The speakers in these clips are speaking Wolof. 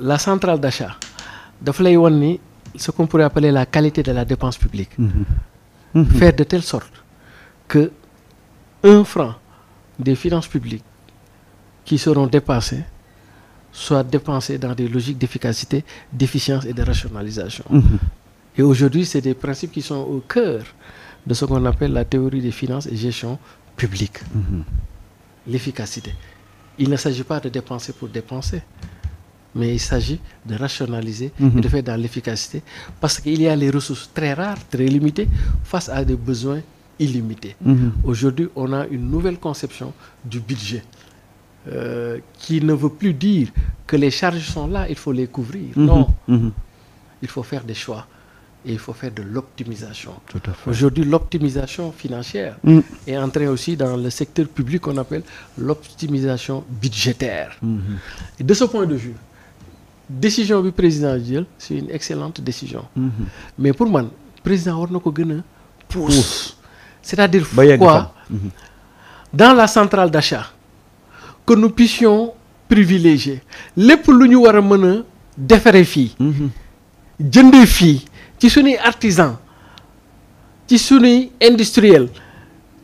la centrale d'achat dafa lay won ni ce qu'on pourrait appeler la qualité de la dépense publique mmh. faire de telle sorte que un franc des finances publiques qui seront dépensés soit dépensés dans des logiques d'efficacité, d'efficience et de rationalisation. Mmh. Et aujourd'hui, c'est des principes qui sont au cœur de ce qu'on appelle la théorie des finances et gestion publique. Mmh. L'efficacité. Il ne s'agit pas de dépenser pour dépenser. mais il s'agit de rationaliser mm -hmm. et de faire dans l'efficacité parce qu'il y a les ressources très rares, très limitées face à des besoins illimités. Mm -hmm. Aujourd'hui, on a une nouvelle conception du budget. Euh, qui ne veut plus dire que les charges sont là, il faut les couvrir. Mm -hmm. Non, mhm. il faut faire des choix et il faut faire de l'optimisation. Aujourd'hui, l'optimisation financière mmh. est entrée aussi dans le secteur public qu'on appelle l'optimisation budgétaire. Mmh. Et de ce point de vue, décision bi président jël c'est une excellente décision. Mhm. mais pour man président war na ko gën a pousse. c'est-à-dire quoi mhm. dans la centrale d'achat que nous puissions privilégier lépp lu ñu war a mën a defaree fii. Mhm. jëndee fii ci suñuy artisan ci suñuy industriel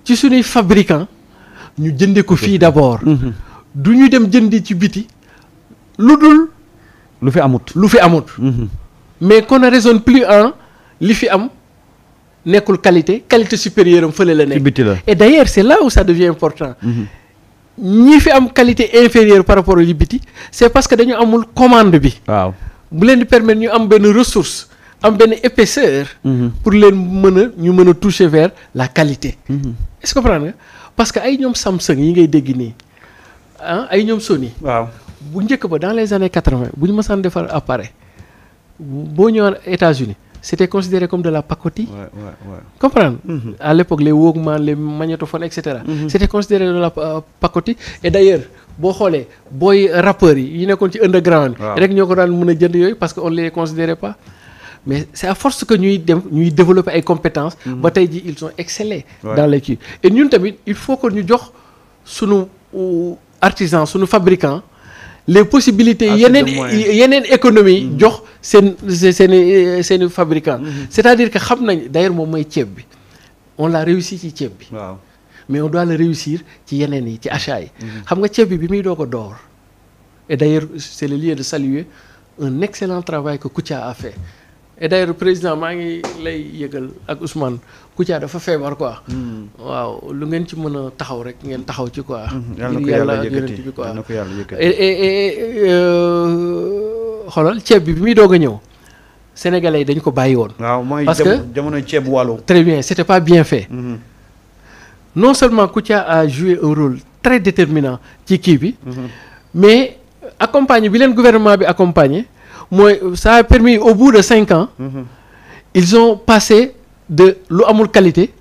ci suñuy fabricant ñu jënde ko fii d'abord. du ñu dem jëndi ci biti lu dul. lu fi amut lu fi amut. Mhm. mais qu'on ne raisonne plus en li fi am nekkul qualité qualité supérieure am fële la nekk. ci biti la et d'ailleurs c'est là où ça devient important. Mhm. ñi fi am qualité inférieure par rapport li biti c'est parce que dañu amul commande bi. waaw bu leen di permettre ñu am benn ressource. am benn épaisseur. Mhm. pour leen mën a ñu mën a toucher vers la qualité. est-ce que comprendre nga parce que ay ñoom Samsung yi ngay dégg nii ah, ay ñoom Sony. bu njëkk ba dans les années quatre-vingt bu ñu mësaan defar appareil boo ñëwaan États-Unis c'était considéré comme de la pacotille. Ouais, ouais, ouais. comprendre. Mm -hmm. à l'époque les Walkman les magnétophones et cetera. Mm-hmm. considéré de la euh, pacotille et d'ailleurs boo xoolee booy rappeurs yi yi nekkoon ci underground. waaw rek ñoo ko daan mën a jënd yooyu parce que on les considérait pas. mais c'est à force que ñuy dem ñuy développer ay compétence mm-hmm. ba tey jii ils ont excellé. dans les kii et ñun tamit il faut que ñu jox sunu euh, artisan sunu fabricant. les possibilité yeneen yeneen économie mm-hmm. jox seen seen i seen i euh, fabricant mm-hmm. c'est-à-dire que xam nañ d'ailleurs moom mooy ceeb bi on l'a réussi ci ceeb bi waaw mais on doo le réussir ci yeneen yi ci achat yi mm-hmm. xam nga ceeb bi bi muy doo ko door et d'ailleurs c'est le lieu de saluer un excellent travail que Koutia a fait et d'ailleurs président maa ngi lay yëgal ak Ousmane Kouthia dafa feebar quoi. Hmm. waaw lu ngeen ci mën a taxaw rek ngeen taxaw ci quoi. Hmm. yàlla ko yàlla yëkkati bi quoi euh, xoolal ceeb bi bi muy doog a ñëw. sénégalais yi dañ ko bàyyi woon. waaw mooy parce que jamono ceeb wàllu. très bien c'était pas bien fait. Mm -hmm. non seulement Kouthia a joué un rôle très déterminant ci kii bi. Hmm. mais euh, accompagne bi leen gouvernement bi accompagner. mooy ça a permis au bout de cinq ans mhm. ils ont passé de lu amul qualité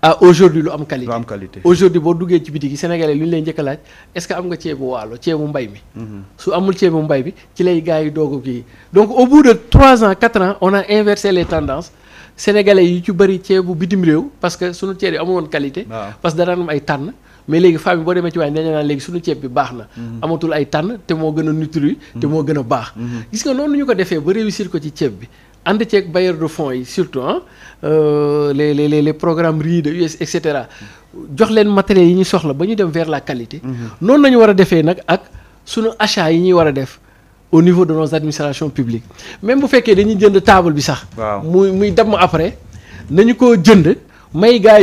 à aujourd'hui lu am qualité aujourd'hui boo duggee ci biti gi sénégalais lu ñu lay njëkk a laaj est-ce que am nga ceebu waalo ceebu mbay mi mhm. su amul ceebu mbay bi ci lay gars yi doogu kii donc au bout de trois ans quatre ans on a inversé les tendances sénégalais yi ci bëri ceebu bitim réew parce que suñu ceeb yi amu woon qualité parce que dara am ay tànn mais léegi femme yi boo demee ci waaye dañu naan léegi suñu ceeb bi baax na mhm. amatul ay tànn te moo gën a nutri te moo gën a baax mhm. gis nga noonu ñu ko defee ba réussir ko ci ceeb bi ànd ceeg bailleur de fonds yi surtout ah les les les programmes RIE de US et cetera jox leen matériels yi ñu soxla ba ñu dem vers la qualité mhm. noonu nañu war a defee nag ak sunu achat yi ñuy war a def au niveau de nos administrations publiques même bu fekkee dañuy jënd table bi sax muy muy damm après nañu ko jënd may gaa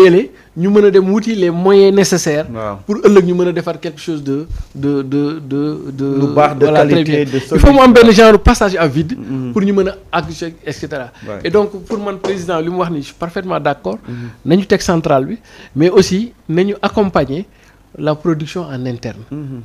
ñu mën a dem wuti les moyens nécessaires. waaw pour ëllëg ñu mën a defar quelque chose de de de de de. lu baax de qualité de il faut mu am benn genre passage à vide. Mm-hmm. pour ñu mën a àgg et cetera. et donc pour man président li mu wax ni je suis parfaitement d' accord. Mm-hmm. nañu teg centrale bi mais aussi nañu accompagner la production en interne. Mm-hmm.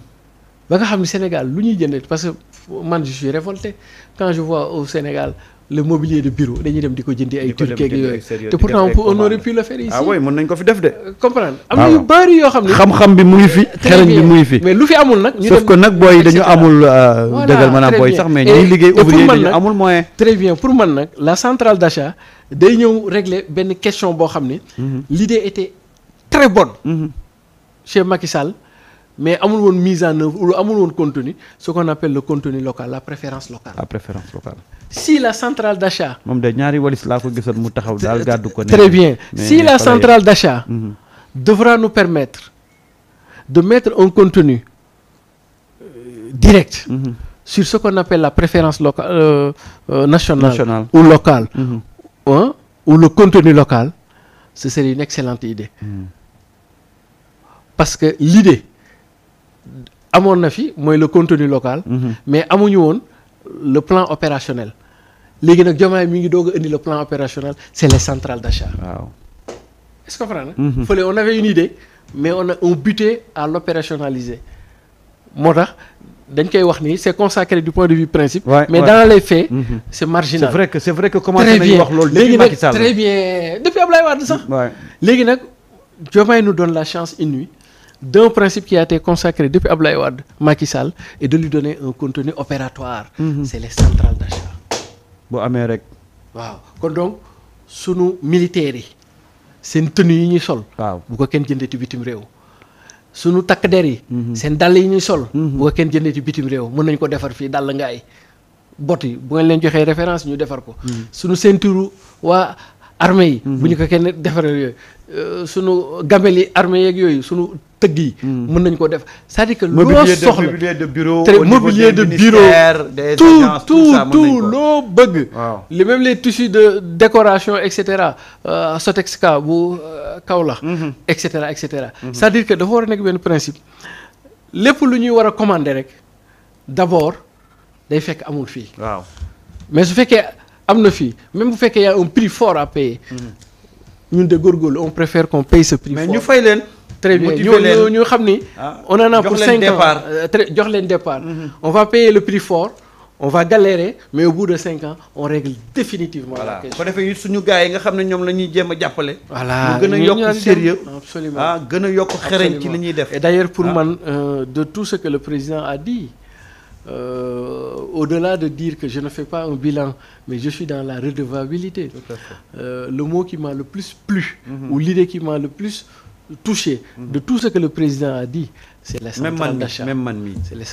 ba nga xam ne Sénégal lu ñuy jëndee parce que man je suis révolté quand je vois au Sénégal. le mobilier de bureau dañuy dem di ko jëndi ay turquie ak te pourtant on aurait pu le faire ici ah oui nañ ko fi def de am na ah yu bari yoo xam ne xam-xam bi mu ngi fi xereñ bi mu ngi fi mais lu fi amul nag sauf que nag booy dañu amul euh, dëggal maanaam booy sax mais ñuy liggéey ouvrier dañu amul moyen très pour man nag la centrale d'achat day ñëw régler benn question boo xam ne mhm. l'idée était très bonne mhm. chez Macky Sall mais amul woon mise en œuvre ou amul woon contenu ce qu'on appelle le contenu local la préférence locale. la préférence locale. si la centrale d'achat. moom de ñaari walis laa ko gisoon mu taxaw daal gàddu ko. très bien si la centrale d'achat. Mhm. devra nous permettre de mettre un contenu euh, direct. Mhm. sur ce qu'on appelle la préférence locale euh, euh, nationale. ou locale. Mhm. ou le contenu local ce serait une excellente idée. parce que l'idée amoon na fi mooy le contenu local. Mhm. mais amuñu woon le plan opérationnel. léegi nag Diomaye mi ngi doog indi la plan opérationnel c' est les centrales d' achat. waaw est ce que comprendre nga. Mhm. fële on avait une idée mais on a on buté à l' moo tax dañ koy wax ni c' est consacré du point de vue principe. mais ouais. dans les faits. Mm marginal c' vrai que c' est vrai nañu wax loolu. léegi nag très bien depuis Ablaye Wade sax. léegi nag Diomaye nous donne la chance inouïe. d'un principe qui a été consacré depuis Abdoulaye Wade Macky Sall et de lui donner un contenu opératoire mhm. c'est les centrales d'achat bu amee rek waaw kon donc sunu militaires yi seen tenue yi ñuy sol waaw bu ko kenn jëndee ci bitim réew sunu takk der yi mhm. seen dàll yi ñuy sol mhm. bu kenn jëndee ci bitim réew mën nañ ko defar fii dàll ngaay bot yi bu ngeen leen joxee référence ñu defar ko sunu ceinture waa armée yi. Mhm. bu ñu ko kenn defaree yooyu euh, sunu gamel yi armée yeeg yooyu sunu tëgg yi. Mhm. mën nañ ko def c'est-à-dire que. loo soxla mobilier de bureau au niveau des ministères des agences tout tout tout loo bëgg. li les même les tissus de décoration et cetera euh, Sotexka bu euh, Kaolack. Mhm. et cetera et cetera. c'est-à-dire que dafa war a nekk benn principe lépp lu ñuy war a commander rek d'abord day fekk amul fii. mais su fekkee. am na fii même bu fekkee y a un prix fort à payer. Mm-hmm. ñun de góorgóorlu on préfère qu'on paye ce prix mais fort. mais ñu fay leen. très bien ñu xam ni. Ah. on en a pour cinq ans euh, jox leen départ. Mm-hmm. on va payer le prix fort. on va galérer mais ou bout de cinq ans on règle définitivement. Voilà. la question ko defee suñu gars yi nga xam ne ñoom la ñuy jéem a jàppale. voilà ñu gën a yokk sérieux ah, gën a yokk xereñ ci li ñuy def. et d'ailleurs pour ah. man euh, de tout ce que le président a dit. Euh, au-delà de dire que je ne fais pas un bilan mais je suis dans la redevabilité Tout euh, le mot qui m'a le plus plus mhm. ou l'idée qui m'a le plus touché mhm. de tout ce que le président a dit c'est les centrales d'achat même man mi c'est les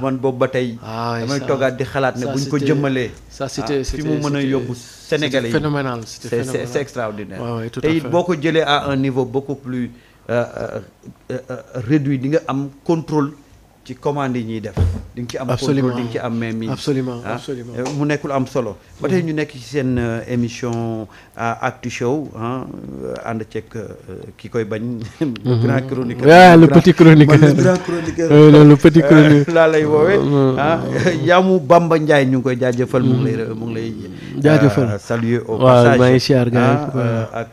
man boobu ba tey ah damay toogaat di xalaat ne bu ñu ko jëmmalee ça c'était ah, fi mu mën a yóbbu Sénégalais yi phénoménal c'est extraordinaire te it boo ko jëlee à un niveau beaucoup plus euh, réduit di nga am contrôle ci commande yi ñuy def di nga ci am. absolument di nga ci am main mise absolument ah, absolument euh, mu nekk lu am solo. ba ñu nekk ci seen euh, émission euh, Actu Show ah ànd ceeg ki koy bañ. Mhm. le grand chroniqueur. waaw petit chroniqueur laa lay woowee ah Yamou Bamba Ndiaye ñu ngi koy jaajëfal. mu ngi lay mhm. mu ngi lay. jaajëfal saluer au passage waaw maa ngi siyaar ah, ak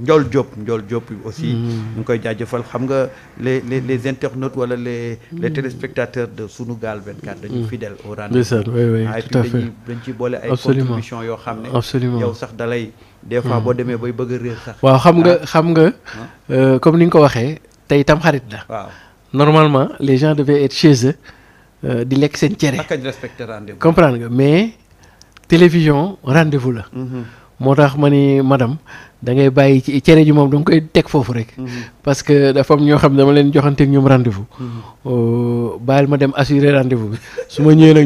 njool Diop Ndiol Diop aussi. Mhm. ñu ngi koy jaajëfal xam nga les les les internautes wala les les de. que sunu gaal 24 dañu mm. fidèle au rendez-vous ah, et puis dañuy dañ ci boole yoo xam ne absolument yow sax dalay des fois mm. boo demee bay bëgg réer sax waaw xam nga ah. xam nga ah. euh, comme ni nga ko waxee tey tam xarit la waaw normalement les gens devaient être chez eux euh, di lekk seen cere comprendre nga mais télévision rendez la mm-hmm. moo tax ma ni madame da ngay bàyyi ci cere ji moom da koy teg foofu rek. Mm-hmm. parce que dafa am ñoo xam ne dama leen joxanteeg ñoom rendez vous. Mm-hmm. Oh, bàyyil ma dem assurer rendez bi su ma ñëwee nag